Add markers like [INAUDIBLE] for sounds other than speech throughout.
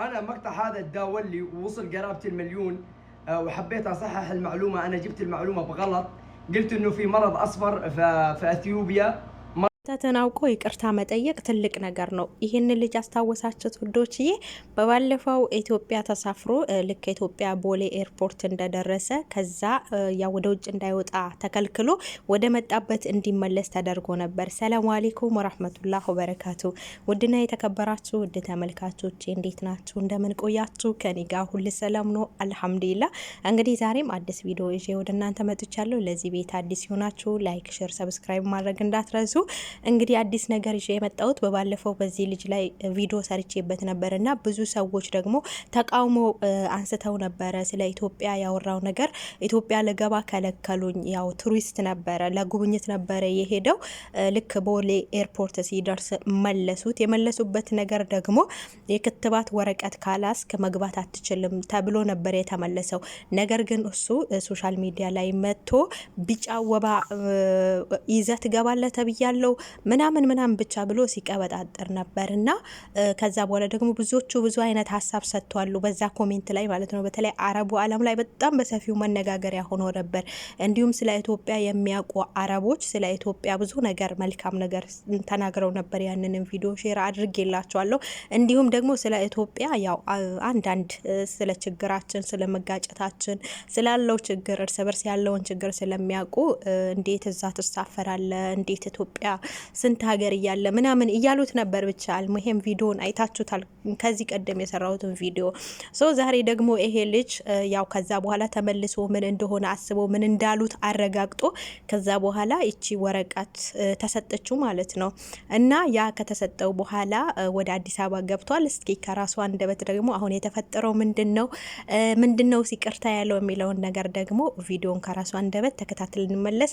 انا المقطع هذا تداول لي ووصل قرابه المليون آه، وحبيت اصحح المعلومه انا جبت المعلومه بغلط قلت انه في مرض اصفر في اثيوبيا ስህተትን አውቆ ይቅርታ መጠየቅ ትልቅ ነገር ነው። ይህን ልጅ አስታወሳችሁት ውዶችዬ? በባለፈው ኢትዮጵያ ተሳፍሮ ልክ ኢትዮጵያ ቦሌ ኤርፖርት እንደደረሰ ከዛ ያ ወደ ውጭ እንዳይወጣ ተከልክሎ ወደ መጣበት እንዲመለስ ተደርጎ ነበር። ሰላሙ አሌይኩም ወራህመቱላህ ወበረካቱ። ውድና የተከበራችሁ ውድ ተመልካቾች እንዴት ናችሁ? እንደምን ቆያችሁ? ከኔ ጋር ሁል ሰላም ነው አልሐምዱሊላ። እንግዲህ ዛሬም አዲስ ቪዲዮ ይዤ ወደ እናንተ መጥቻለሁ። ለዚህ ቤት አዲስ ሲሆናችሁ ላይክ፣ ሼር፣ ሰብስክራይብ ማድረግ እንዳትረሱ እንግዲህ አዲስ ነገር ይዤ የመጣሁት በባለፈው በዚህ ልጅ ላይ ቪዲዮ ሰርቼበት ነበር እና ብዙ ሰዎች ደግሞ ተቃውሞ አንስተው ነበረ። ስለ ኢትዮጵያ ያወራው ነገር ኢትዮጵያ ልገባ ከለከሉኝ። ያው ቱሪስት ነበረ፣ ለጉብኝት ነበረ የሄደው። ልክ ቦሌ ኤርፖርት ሲደርስ መለሱት። የመለሱበት ነገር ደግሞ የክትባት ወረቀት ካላስክ መግባት አትችልም ተብሎ ነበር የተመለሰው። ነገር ግን እሱ ሶሻል ሚዲያ ላይ መጥቶ ቢጫ ወባ ይዘት ገባለ ተብያለው። ምናምን ምናምን ብቻ ብሎ ሲቀበጣጠር እና ከዛ በኋላ ደግሞ ብዙዎቹ ብዙ አይነት ሀሳብ ሰጥተዋሉ በዛ ኮሜንት ላይ ማለት ነው። በተለይ አረቡ ዓለም ላይ በጣም በሰፊው መነጋገሪያ ሆኖ ነበር። እንዲሁም ስለ ኢትዮጵያ የሚያውቁ አረቦች ስለ ኢትዮጵያ ብዙ ነገር መልካም ነገር ተናግረው ነበር። ያንንም ቪዲዮ ሼር አድርጌላቸዋለሁ። እንዲሁም ደግሞ ስለ ኢትዮጵያ ያው አንዳንድ ስለ ችግራችን፣ ስለ መጋጨታችን፣ ስላለው ችግር እርስ በርስ ያለውን ችግር ስለሚያውቁ እንዴት እዛ ትሳፈራለ እንዴት ኢትዮጵያ ስንት ሀገር እያለ ምናምን እያሉት ነበር። ብቻ አልሙሄም ቪዲዮን አይታችሁታል፣ ከዚህ ቀደም የሰራሁትን ቪዲዮ ሶ ዛሬ ደግሞ ይሄ ልጅ ያው ከዛ በኋላ ተመልሶ ምን እንደሆነ አስቦ ምን እንዳሉት አረጋግጦ ከዛ በኋላ ይቺ ወረቀት ተሰጠችው ማለት ነው። እና ያ ከተሰጠው በኋላ ወደ አዲስ አበባ ገብቷል። እስኪ ከራሷ አንደበት ደግሞ አሁን የተፈጠረው ምንድን ነው ምንድን ነው ሲቅርታ ያለው የሚለውን ነገር ደግሞ ቪዲዮን ከራሷ አንደበት ተከታትል እንመለስ።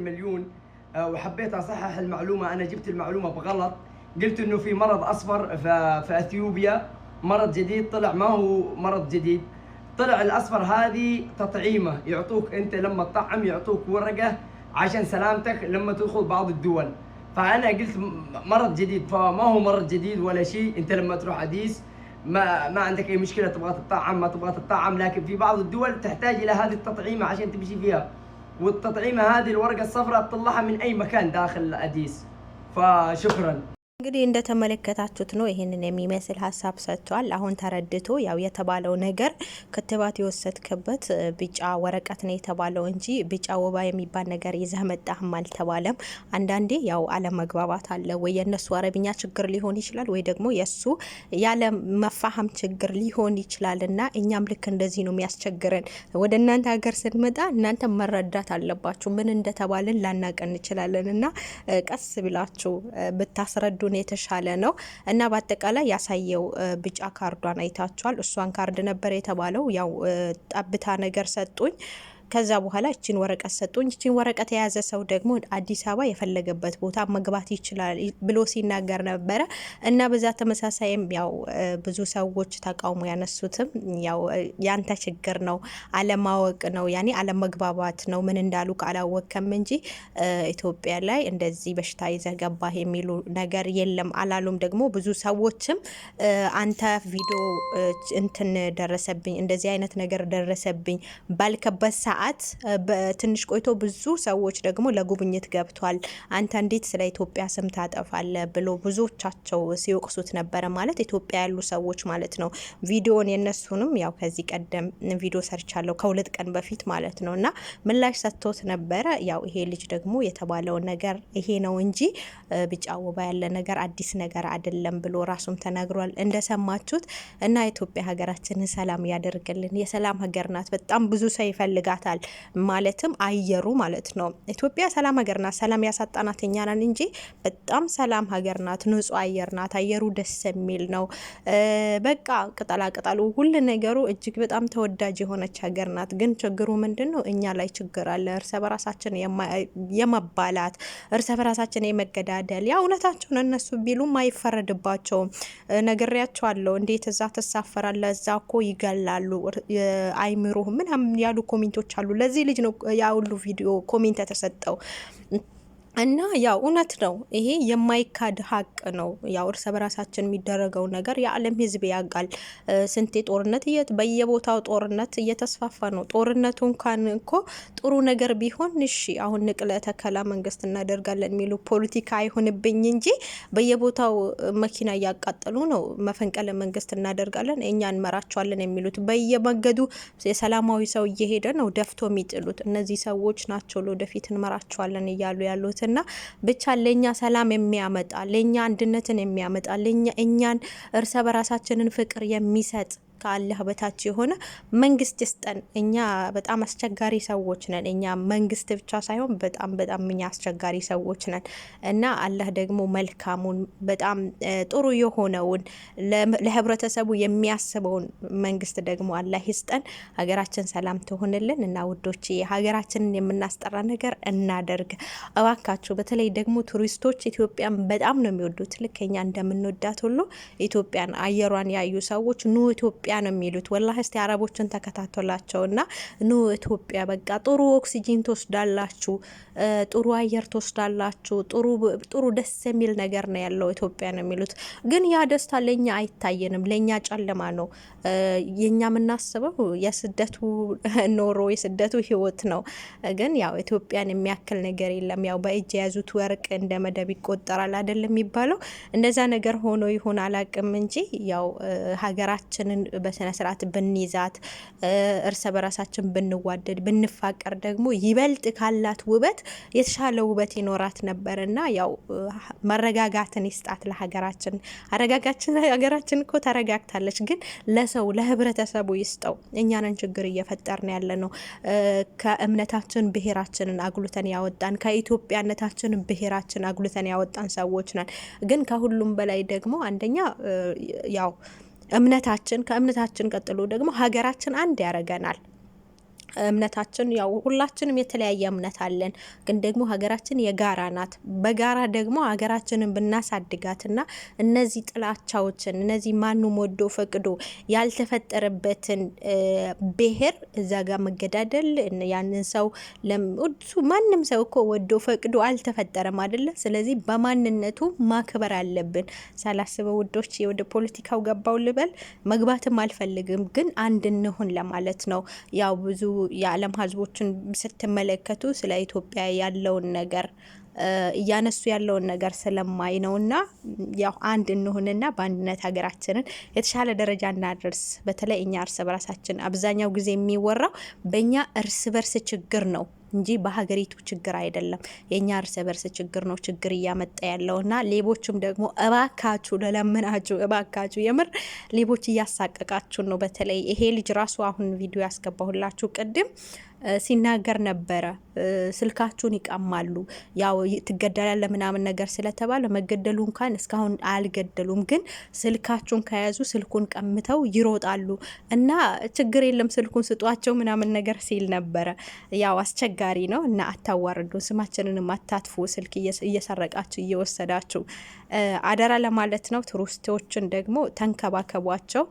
المليون آه، وحبيت اصحح المعلومه انا جبت المعلومه بغلط قلت انه في مرض اصفر في اثيوبيا مرض جديد طلع ما هو مرض جديد طلع الاصفر هذه تطعيمه يعطوك انت لما تطعم يعطوك ورقه عشان سلامتك لما تدخل بعض الدول فانا قلت مرض جديد فما هو مرض جديد ولا شيء انت لما تروح اديس ما ما عندك اي مشكله تبغى تطعم ما تبغى تطعم لكن في بعض الدول تحتاج الى هذه التطعيمه عشان تمشي فيها والتطعيمه هذه الورقه الصفراء تطلعها من اي مكان داخل الاديس فشكرا እንግዲህ እንደተመለከታችሁት ነው ይህንን የሚመስል ሀሳብ ሰጥቷል። አሁን ተረድቶ ያው የተባለው ነገር ክትባት የወሰድክበት ቢጫ ወረቀት ነው የተባለው እንጂ ቢጫ ወባ የሚባል ነገር ይዘህ መጣህም አልተባለም። አንዳንዴ ያው አለመግባባት አለ ወይ የእነሱ አረብኛ ችግር ሊሆን ይችላል ወይ ደግሞ የእሱ ያለ መፋሀም ችግር ሊሆን ይችላል እና እኛም ልክ እንደዚህ ነው የሚያስቸግረን። ወደ እናንተ ሀገር ስንመጣ እናንተ መረዳት አለባችሁ። ምን እንደተባለን ላናቀን እንችላለን እና ቀስ ብላችሁ ብታስረዱ ከሌሎን የተሻለ ነው እና በአጠቃላይ ያሳየው ብጫ ካርዷን አይታችኋል። እሷን ካርድ ነበር የተባለው። ያው ጠብታ ነገር ሰጡኝ። ከዛ በኋላ እችን ወረቀት ሰጡኝ። እችን ወረቀት የያዘ ሰው ደግሞ አዲስ አበባ የፈለገበት ቦታ መግባት ይችላል ብሎ ሲናገር ነበረ እና በዛ ተመሳሳይም ያው ብዙ ሰዎች ተቃውሞ ያነሱትም ያው ያንተ ችግር ነው አለማወቅ ነው ያኔ አለመግባባት ነው ምን እንዳሉ ካላወቅከም እንጂ ኢትዮጵያ ላይ እንደዚህ በሽታ ይዘገባህ የሚሉ ነገር የለም አላሉም። ደግሞ ብዙ ሰዎችም አንተ ቪዲዮ እንትን ደረሰብኝ እንደዚህ አይነት ነገር ደረሰብኝ ባልከበት ሰዓት ሰዓት በትንሽ ቆይቶ ብዙ ሰዎች ደግሞ ለጉብኝት ገብቷል። አንተ እንዴት ስለ ኢትዮጵያ ስም ታጠፋለ ብሎ ብዙዎቻቸው ሲወቅሱት ነበረ። ማለት ኢትዮጵያ ያሉ ሰዎች ማለት ነው። ቪዲዮን የነሱንም ያው ከዚህ ቀደም ቪዲዮ ሰርቻለሁ ከሁለት ቀን በፊት ማለት ነው እና ምላሽ ሰጥቶት ነበረ። ያው ይሄ ልጅ ደግሞ የተባለው ነገር ይሄ ነው እንጂ ቢጫ ወባ ያለ ነገር አዲስ ነገር አይደለም ብሎ ራሱም ተናግሯል እንደሰማችሁት። እና ኢትዮጵያ ሀገራችንን ሰላም ያደርግልን። የሰላም ሀገር ናት። በጣም ብዙ ሰው ይፈልጋታል። ይላል። ማለትም አየሩ ማለት ነው። ኢትዮጵያ ሰላም ሀገር ናት። ሰላም ያሳጣናት እኛ ነን እንጂ በጣም ሰላም ሀገር ናት። ንጹህ አየር ናት። አየሩ ደስ የሚል ነው። በቃ ቅጠላ ቅጠሉ ሁሉ ነገሩ እጅግ በጣም ተወዳጅ የሆነች ሀገር ናት። ግን ችግሩ ምንድን ነው? እኛ ላይ ችግር አለ። እርሰ በራሳችን የመባላት እርሰ በራሳችን የመገዳደል ያ እውነታቸውን እነሱ ቢሉም አይፈረድባቸውም። ነግሬያቸዋለሁ። እንዴት እዛ ትሳፈራለ? እዛ እኮ ይገላሉ አይምሮህ ምናምን ያሉ ኮሜንቶች ያውቃሉ። ለዚህ ልጅ ነው ያ ሁሉ ቪዲዮ ኮሜንት የተሰጠው። እና ያው እውነት ነው፣ ይሄ የማይካድ ሀቅ ነው። ያው እርስ በራሳችን የሚደረገው ነገር የዓለም ሕዝብ ያውቃል። ስንቴ ጦርነት በየቦታው ጦርነት እየተስፋፋ ነው። ጦርነቱ እንኳን እኮ ጥሩ ነገር ቢሆን እሺ፣ አሁን ንቅለ ተከላ መንግስት እናደርጋለን የሚሉ ፖለቲካ አይሆንብኝ እንጂ በየቦታው መኪና እያቃጠሉ ነው። መፈንቀለ መንግስት እናደርጋለን እኛ እንመራቸዋለን የሚሉት በየመንገዱ የሰላማዊ ሰው እየሄደ ነው ደፍቶ የሚጥሉት እነዚህ ሰዎች ናቸው። ለወደፊት እንመራቸዋለን እያሉ ያሉትን እና ብቻ ለእኛ ሰላም የሚያመጣ ለእኛ አንድነትን የሚያመጣ እኛን እርሰ በራሳችንን ፍቅር የሚሰጥ ከአላህ በታች የሆነ መንግስት ስጠን። እኛ በጣም አስቸጋሪ ሰዎች ነን። እኛ መንግስት ብቻ ሳይሆን በጣም በጣም እኛ አስቸጋሪ ሰዎች ነን እና አላህ ደግሞ መልካሙን በጣም ጥሩ የሆነውን ለህብረተሰቡ የሚያስበውን መንግስት ደግሞ አላህ ይስጠን። ሀገራችን ሰላም ትሆንልን እና ውዶች ሀገራችንን የምናስጠራ ነገር እናደርግ እባካችሁ። በተለይ ደግሞ ቱሪስቶች ኢትዮጵያን በጣም ነው የሚወዱት። ልክ እኛ እንደምንወዳት ሁሉ ኢትዮጵያን አየሯን ያዩ ሰዎች ኑ ኢትዮጵያ ኢትዮጵያ ነው የሚሉት። ወላህ እስቲ አረቦችን ተከታተላቸውና ኑ ኢትዮጵያ በቃ ጥሩ ኦክሲጂን ትወስዳላችሁ፣ ጥሩ አየር ትወስዳላችሁ፣ ጥሩ ደስ የሚል ነገር ነው ያለው ኢትዮጵያ ነው የሚሉት። ግን ያ ደስታ ለእኛ አይታየንም፣ ለእኛ ጨለማ ነው። የእኛ የምናስበው የስደቱ [LAUGHS] ኖሮ የስደቱ ህይወት ነው። ግን ያው ኢትዮጵያን የሚያክል ነገር የለም። ያው በእጅ የያዙት ወርቅ እንደ መደብ ይቆጠራል አይደለም የሚባለው። እንደዛ ነገር ሆኖ ይሆን አላቅም እንጂ ያው ሀገራችንን በስነ ስርዓት ብንይዛት፣ እርስ በራሳችን ብንዋደድ፣ ብንፋቀር ደግሞ ይበልጥ ካላት ውበት የተሻለ ውበት ይኖራት ነበር እና ያው መረጋጋትን ይስጣት ለሀገራችን። አረጋጋችን ሀገራችን እኮ ተረጋግታለች፣ ግን ለሰው ለህብረተሰቡ ይስጠው። እኛንን ችግር እየፈጠርን ያለ ነው። ከእምነታችን ብሔራችንን አጉልተን ያወጣን፣ ከኢትዮጵያነታችን ብሄራችን አጉልተን ያወጣን ሰዎች ነን። ግን ከሁሉም በላይ ደግሞ አንደኛ ያው እምነታችን ከእምነታችን ቀጥሎ ደግሞ ሀገራችን አንድ ያደርገናል። እምነታችን ያው ሁላችንም የተለያየ እምነት አለን፣ ግን ደግሞ ሀገራችን የጋራ ናት። በጋራ ደግሞ ሀገራችንን ብናሳድጋትና እነዚህ ጥላቻዎችን እነዚህ ማንም ወዶ ፈቅዶ ያልተፈጠረበትን ብሄር እዛ ጋር መገዳደል ያንን ሰው ማንም ሰው እኮ ወዶ ፈቅዶ አልተፈጠረም አይደለ? ስለዚህ በማንነቱ ማክበር አለብን። ሳላስበው ውዶች ወደ ፖለቲካው ገባው ልበል፣ መግባትም አልፈልግም፣ ግን አንድ እንሁን ለማለት ነው ያው ብዙ የዓለም ህዝቦችን ስትመለከቱ ስለ ኢትዮጵያ ያለውን ነገር እያነሱ ያለውን ነገር ስለማይ ነው እና ያው አንድ እንሁንና በአንድነት ሀገራችንን የተሻለ ደረጃ እናደርስ። በተለይ እኛ እርስ በራሳችን አብዛኛው ጊዜ የሚወራው በእኛ እርስ በርስ ችግር ነው። እንጂ በሀገሪቱ ችግር አይደለም። የእኛ እርስ በርስ ችግር ነው ችግር እያመጣ ያለው እና ሌቦችም ደግሞ እባካችሁ ለለምናችሁ፣ እባካችሁ የምር ሌቦች እያሳቀቃችሁን ነው። በተለይ ይሄ ልጅ ራሱ አሁን ቪዲዮ ያስገባሁላችሁ ቅድም ሲናገር ነበረ። ስልካችሁን ይቀማሉ፣ ያው ትገደላለ ምናምን ነገር ስለተባለ መገደሉ እንኳን እስካሁን አልገደሉም፣ ግን ስልካችሁን ከያዙ ስልኩን ቀምተው ይሮጣሉ እና ችግር የለም ስልኩን ስጧቸው ምናምን ነገር ሲል ነበረ። ያው አስቸጋሪ ነው እና አታዋርዱን፣ ስማችንንም አታጥፉ፣ ስልክ እየሰረቃችሁ እየወሰዳችሁ አደራ ለማለት ነው። ቱሪስቶችን ደግሞ ተንከባከቧቸው፣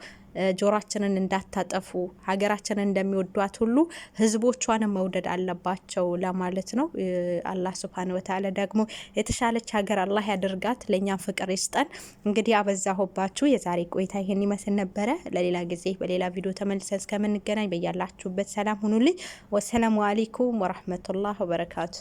ጆሯችንን እንዳታጠፉ። ሀገራችንን እንደሚወዷት ሁሉ ህዝቦቿን መውደድ አለባቸው ለማለት ነው። አላህ ስብሃነ ወተዓላ ደግሞ የተሻለች ሀገር አላህ ያደርጋት፣ ለእኛም ፍቅር ይስጠን። እንግዲህ አበዛሁባችሁ። የዛሬ ቆይታ ይሄን ይመስል ነበረ። ለሌላ ጊዜ በሌላ ቪዲዮ ተመልሰን እስከምንገናኝ በያላችሁበት ሰላም ሁኑልኝ። ወሰላሙ አሌይኩም ወረህመቱላህ ወበረካቱ